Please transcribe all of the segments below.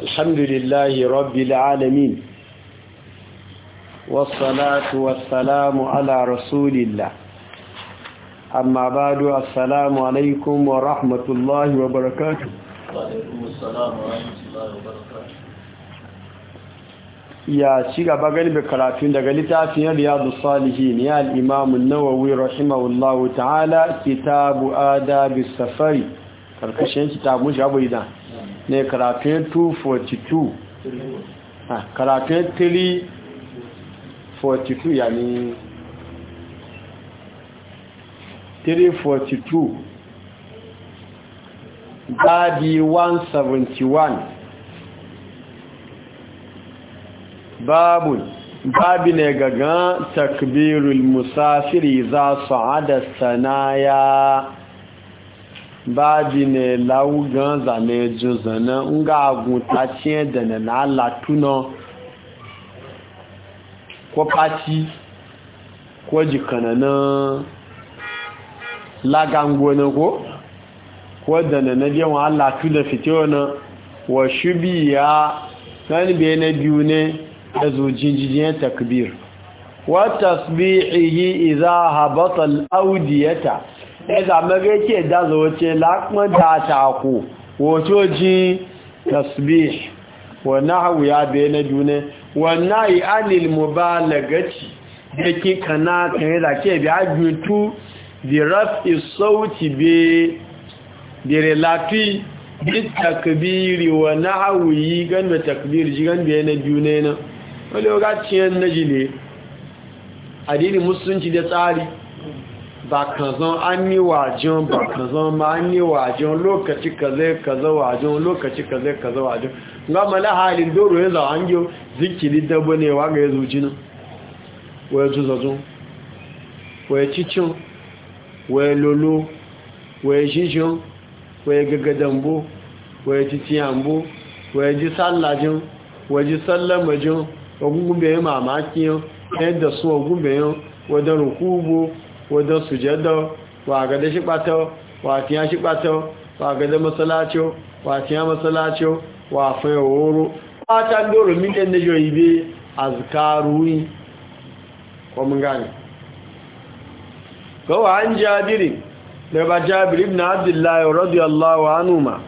الحمد لله رب العالمين والصلاة والسلام على رسول الله أما بعد السلام عليكم ورحمة الله وبركاته السلام ورحمة الله وبركاته يا شيخ أبغاني بكراتين دقلتا في رياض الصالحين يا الإمام النووي رحمه الله تعالى كتاب آداب السفر كالكشين كتاب مش أبو إذا ne karatun 242 ha karatun 342 yani 342 babi 171 babu babi ne gagan takbirul musafiri za su adasta na ya baji ne laugan zane juzana nga agunta ciye da na na latuna ko pati ko jikana na lagango na ko ko da na na biyan alatu da fito na wa ya kan biya ne biyu ne da zojin jijiyen takbir wa tasbihihi idza habata al-audiyata ẹzà mẹ́rẹ́ kí ẹ̀dá zọ̀wọ́ce lápọ́n dáadáko wòtójí tasbih wannan hau ya bai na juna wannan yi anil mubalagaci da ke kana kan yi zake bi ajutu di rafi sauti be di relafi bi takbiri wannan hau yi gan da takbiri ji gan bẹ na juna na wani ogaciyar najile adini musulunci da tsari ba kazan an yi wajen ba kazan ma an yi wajen lokaci kaza kaza wajen lokaci kaza kaza wajen ga mala halin doro ya zawo an yi zikiri dabo ne wa ga ya zuci nan waya zuzazo waya cicin waya lolo waya shishin waya gagadambo waya titiyambo waya ji sallajin waya ji sallamajin ogungun bayan mamakin yadda su ogun bayan wadda rukubo wajen sujada wa ga da shi ɓata wa tiya shi ɓata wa ga da masalacho wa tiya masalacho wa fa woro doro ndoro min den jo a azkaru ko mun ga wa an jabiri da ba jabiri na Abdullahi radiyallahu anhu ma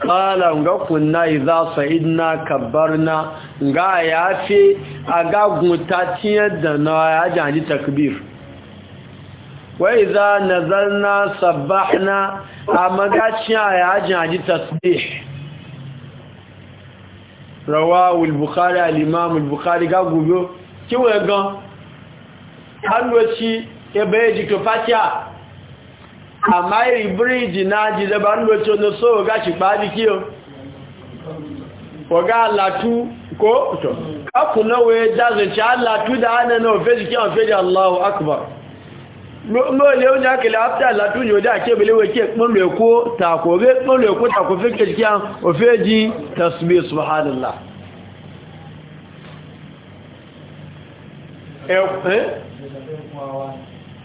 qala nga kunna na sa'idna ya nga a agagunta tiyan da na ya janji takbir wai za nazarna sabbahna a magacin a yajin haji tasbih rawahu al-bukhari al ga gubo kiwe ebe ji to fatia amma iri e bridge na ji da ban locho no so ga shi pa bi kiyo ko e da Allahu akbar lóòlé oúnjẹ akẹlẹ̀ after latin yóò dá kébìlẹ̀wé kí pínlẹ̀ èkó tàkò rí pínlẹ̀ èkó tàkò fi kèkí à òfé jí tasbí subhanallah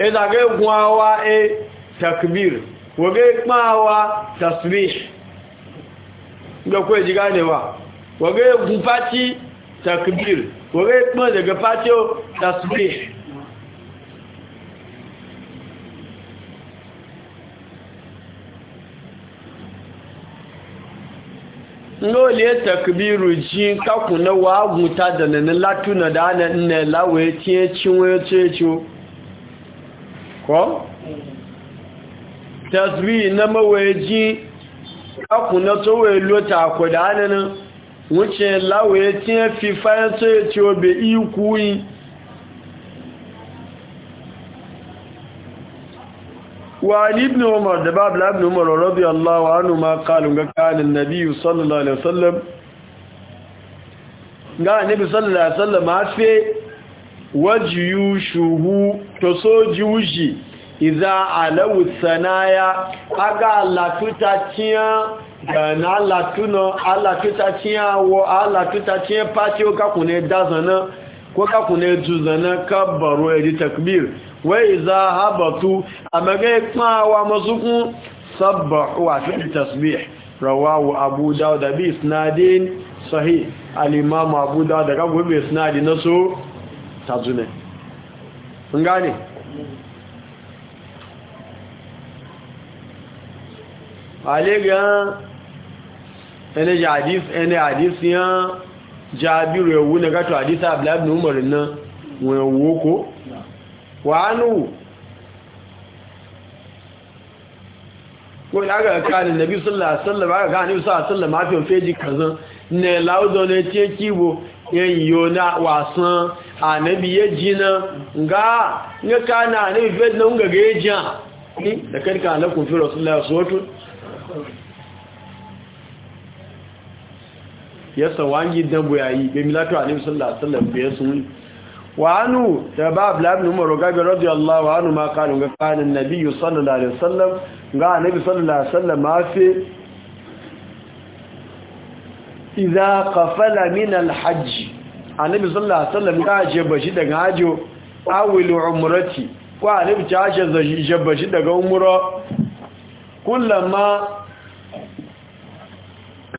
ẹ̀dàgẹ́ e, egun awa ẹ e takbir wọ́gẹ́ pán awa tasbí e gbẹ̀kọ́ ìjìgá níwà wọ́gẹ́ egun pàtí takbir wọ́gẹ́ pán ìjẹ̀gẹ́ pàtí tasbí lóòlé takbiru ji kakùnà wà da dànàní látúnà dáadà nnẹ̀ da tí ẹ tí wọ́n tí ẹ tí ó na mawẹ̀ jí kakùnà tó wẹ̀ lóta àkọ̀dá nínú wọ́n tí láwẹ̀ tí ẹ fi fáyẹ́ tí yi wa ibn umar da bab la ibn umar radiyallahu anhu ma qalu ga kana nabi ga nabi sallallahu alaihi wajiyu shuhu so jiwuji iza alaw sanaya aga la tuta pati o ka kunen dazana ko ka ku ne tuzana kabbaro ya e ji takbir wai za habatu a magai tsawa e mazukun sabbahu a fi tasbih rawahu abu dawud bi isnadin sahih al-imam abu dawud da kago bi isnadi na so tazune kun gane ene hadis ene hadis yan jabiru ya wuna gato hadisa abdullahi umar na wani woko wa hannu wani aka kanin nabi sallallahu alaihi wasallam aka kanin sallallahu alaihi wasallam mafi feji kazan ne lauzo ne ce kibo yayyo na wasan annabi ya nga ne kana annabi feji na unga ga ya jina da karka alakun fi rasulullahi sallallahu alaihi wasallam yasa wangi dan boyayi be milatu alayhi sallallahu alaihi wasallam be sun wa anu shabab la ibn umar gabi radiyallahu anhu ma qalu ga kanin annabi sallallahu alaihi wasallam ga annabi sallallahu alaihi wasallam ma fi idza qafala min alhajj annabi sallallahu alaihi wasallam ga je bashi daga hajo awil umrati ko annabi ta je bashi daga umra kullama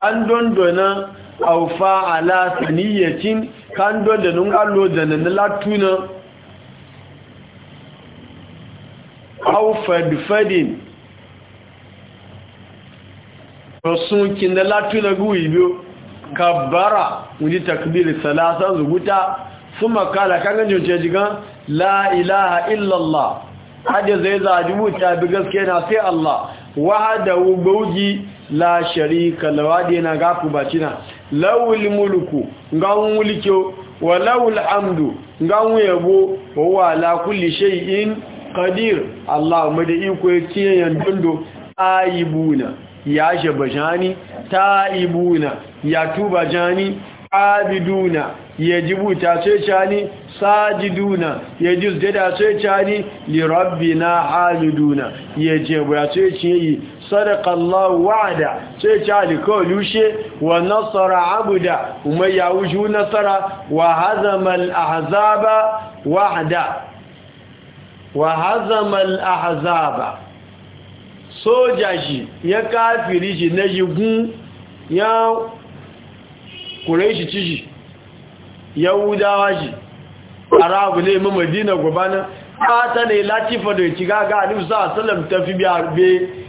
an dondona aufa ala saniyacin kan don da nun allo da nan latuna au fadfadin sun kin da latuna guwi biyo kabbara wani takbir salasa zuguta kuma kala kan ganjin ce la ilaha illallah Hada zai zaji wuta bi gaske na sai Allah wahada wubuji la sharika lawadi na gafu bacina lawul mulku ngan mulkyo wa lawul amdu ngan yabo wa huwa la kulli shay'in qadir allahumma da iko yake yandundo aibuna ya shabajani taibuna ya tuba tubajani abiduna yajibu ta sai sajiduna yajuz jada sai cani li rabbina haliduna yajibu ya sai sadaka Allah wa'ada sai ta alkawlu she wa nasara abuda kuma ya wuju nasara wa hazama al-ahzaba wa'ada wa hazama al-ahzaba soja shi ya kafiri shi na yigun ya kureshi ci shi yahudawa shi arabu ne mamadina gubana ta ne latifa da ya ci gaga a nufi sa asalam tafi biya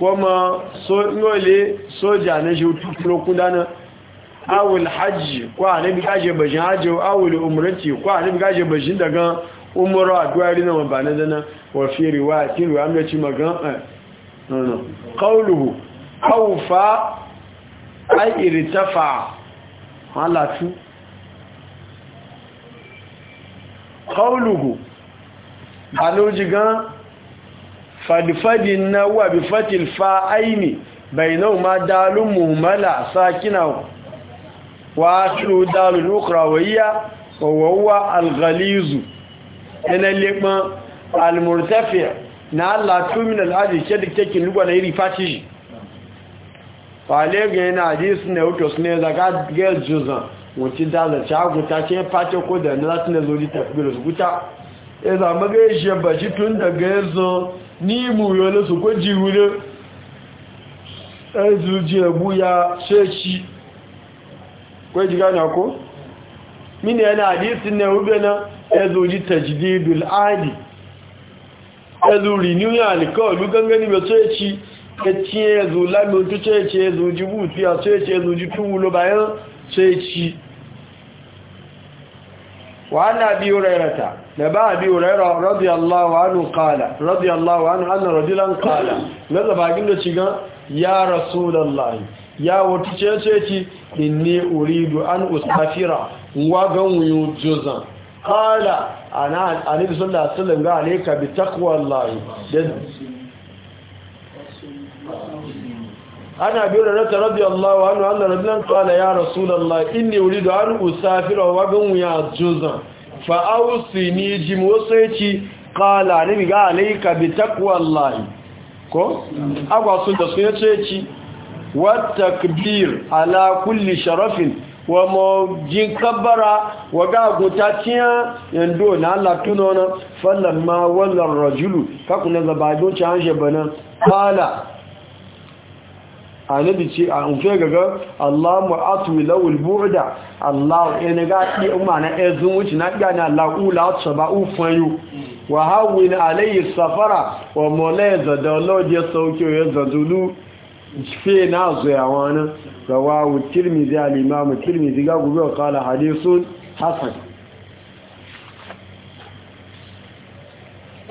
kuma sojole soja na shi lokun dana awul hajji ko a anabi gaje bashin hajji awul umrati ko a anabi gaje bashin daga umaru a adwari na mabana dana wa fi riwayatin wa amma ci magan eh, no no qawluhu awfa ay irtafa halatu qawluhu banoji gan fadifadin na wa bi fatil fa'aini bainau ma dalun muhimmala sakina wa asiru dalun wa wawawa alghalizu yana leɓin almurtafiya na tu min al'adu ke duk tekin lugwa na iri fati shi fale ga yana hadis ne wutos ne zaga gel juzan wuce dalace aguta ce fati ko e da na lati na zori tafi guta ya zama ga ya shi tun daga yanzu n'ime uyole sokwe ji wure ezuji egbu ya shechi kweji ganya ko mini yana hadisi ne ube na ezuji tajdidul adi ezu renew ya alkọọlù gangan ibe shechi etinye ezu lagbo otu shechi ezuji buti ya shechi ezuji tuwulo bayan shechi وعن أبي هريرة نبا أبي هريرة رضي الله عنه قال رضي الله عنه أن رجلا قال ماذا باقي باقين لشيغا يا رسول الله يا وتشيشي إني أريد أن أسافر وغوي يجوزا قال أنا النبي صلى الله عليه وسلم قال عليك بتقوى الله ana biyu da rata rabbi Allah wa hannu hannun rabinan tsala ya rasulallah inni wuri da an usafira wa gan wuya juzan fa'ausi ni ji motsaici kala ni ga alaika bi takwallahi ko agwa sun da sun yace ci wa takbir ala kulli sharafin wa mawjin kabbara wa ga gutatiya yando na Allah tunona fallan ma wallan rajulu kakuna zabajin ci an shebana kala annabi ce a unfe gaga Allah mu lawul bu'da Allah ina ga Na umana ezun wuce na ga na Allah ula tsaba ufanyu wa hawin alayhi safara wa mulaza da lodi sauke ya zadulu fe na zuya wani rawahu tirmizi al-imam tirmizi ga gobe kala hadithun hasan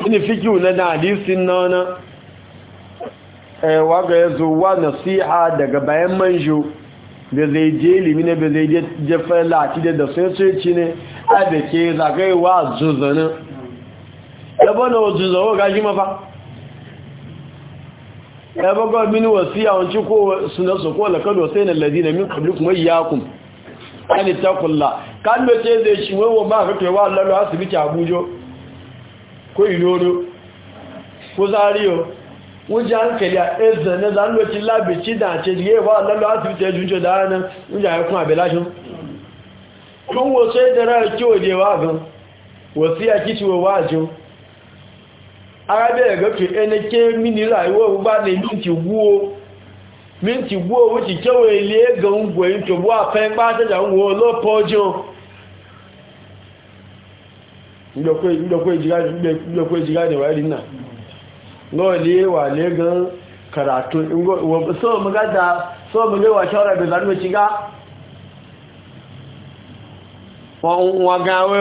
ni fikiu na hadisin nana Eh, waga ya zo wa nasiha daga bayan manjo da zai je limi limina da zai je jefa lati da sosoci ne a da ke zagaiwa zuzanin yabo na zuzawo gaji mafa yabo ga mini wasiya wanci ko suna su ko lakado sai na ladina min kabli kuma iyakun ani takulla kan da ce zai shi wewa ma ka kewa lalo asibiti abujo ko iloro ko zariyo wunji hankali a eze na zanwacin labici da ce jiye ba a lallo asibiti ya junce da hannun wunji a yakun abelashin kun wasu yadda ra'ar kiwo je wa gan wasu ya kici wa wajin arabe ya ngwe nke bu a lọ́ọ̀lẹ́ wà lẹ́gán karatu so mu gada so mu lewa shawara da zanuwa shiga wọn gawo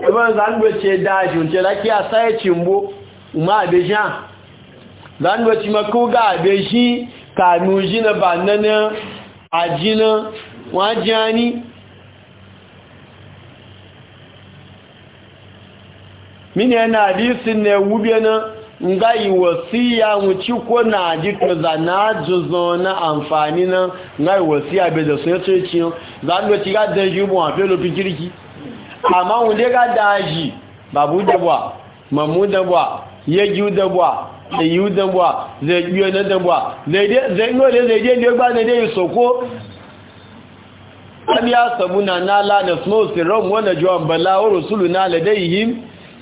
ẹgbẹ́ zanuwa ce daji nke laki a sai cimbo ma abejá zanuwa ci mako ga abeji kanu jina na nana ajina wajani mini yana hadisin ne wube na nga yi wasiya wuci ko na ji za na juzo na amfani na nga yi wasiya bai da sai ce ci za ndo ci ga da ji mu a fe lo pikiriki amma wunde ga daji babu da bwa mamu da bwa yeju da bwa da yu da bwa zai biyo na da bwa zai dai zai ngo dai zai dai ne ba ne so ko. abiya sabuna na la na snow sirom wala juwan bala wa rusuluna ladaihim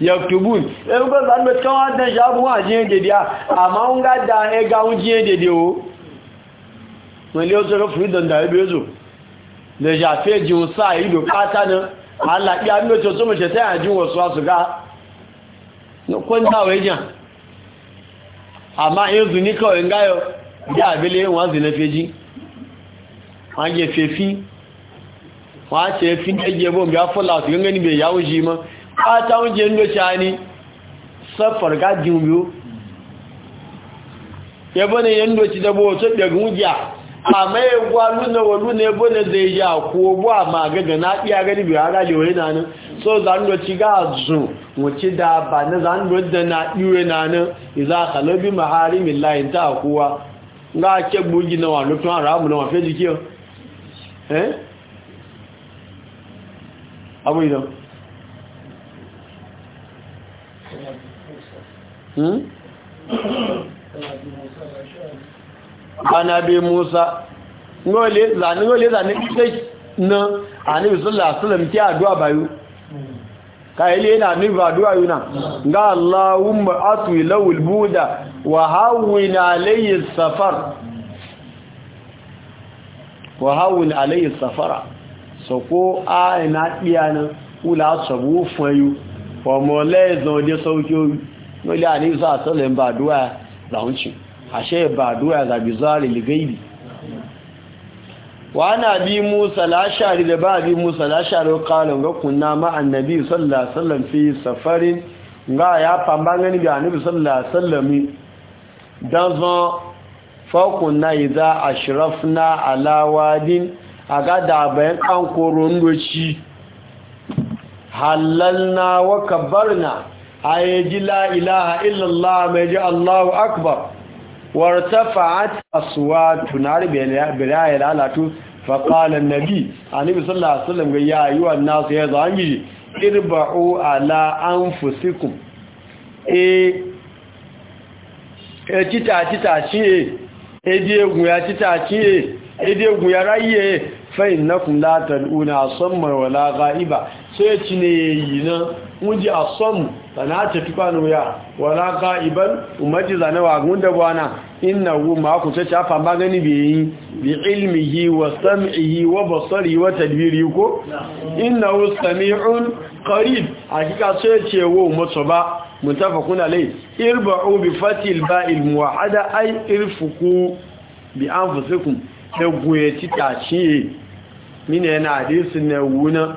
yaktubun ẹgbẹ́ gbogbo àgbẹ̀ tí wọ́n dẹ̀ ṣàbùn àjíyàn dèdè àmá ń gá da ẹga ń jíyàn dèdè o wọ́n lé ọ́sọ́rọ̀ freedom da ẹgbẹ́ ẹzù lè ṣàfẹ́ jùun sáà ìlú pátá náà alàpí àmì tó tó mọ̀ṣẹ̀ tẹ́yà jù wọ̀ sọ́sù gá kọ́ńtàwé jàn àmá ẹzù ní kọ̀wé ńgáyọ bí àbílẹ̀ wọ́n sì lè fẹ́jí wọ́n pátá oúnjẹ ń lóṣà ní sọ́fọ̀rọ̀ gájì omi ó yẹbọ́ ni yẹn ń lóṣì tó gbẹ̀gùn jà àmá ẹgbọ́ alúnàwọ̀ na zai yà kú ogbó àmà gẹ́gẹ́ na pí agẹ́dì bí ara lè wọ́n so zanúlọ́chí gáàzù wọ́n na zanúlọ́dẹ̀ na ìwé náà ìzá Hmm? ana bai musa ngole zane ngole zane sai na annabi sallallahu alaihi wasallam ki addu'a bayu kai le na annabi addu'a yuna ga allahumma atwi lawul buda wa hawwin alayhi safar wa hawwin alayhi safara soko a ina diya nan ula sabu fayu wa mole zo de sauki wọ́n a àníyàn sáà àtọ́lẹ̀ ń bá àdúrà làwọn ṣe àṣẹ ìbà àdúrà àgbàbí zọ́ọ̀rì lìgẹ́ìbì wa na bi musa lashari da ba bi musa lashari kalon ga kunna ma annabi sallallahu alaihi wasallam a safarin ga bayan Hallan aye ji la ilaha illallah mai ji allahu akbar wartafa'at aswatu nar bilaya lalatu fa qala an-nabi anabi sallallahu alaihi wasallam ga yayi wa nasu ya zangi irba'u ala anfusikum e e cita cita ci e je gun ya cita ci e je gun ya rayye fa innakum la tad'una samma wa la sai ci ne yayi nan muji a son ta tuka wuya wala qa'iban umaji da gunda bwana wu ma ku ce ta fama gani bi bi ilmihi wa sam'ihi wa basari wa tadbiri ko innahu sami'un qarib hakika sai ce wo mutu ba kuna lai irba'u bi fatil ba'il muwahada ay irfuku bi anfusikum egun ta titachi mine na hadisin na wuna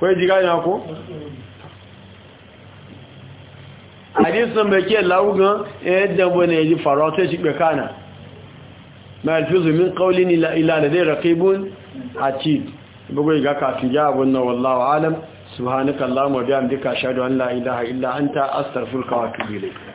ko jirani ko hadisin be ke e yadda bane ji farauta shi kana ma alfuzu min qawlin ila ila ladai raqibun atid bugai ga ka ti jabo nan wallahu alam subhanakallahumma bihamdika ashhadu an la ilaha illa anta astaghfiruka wa atubu ilayk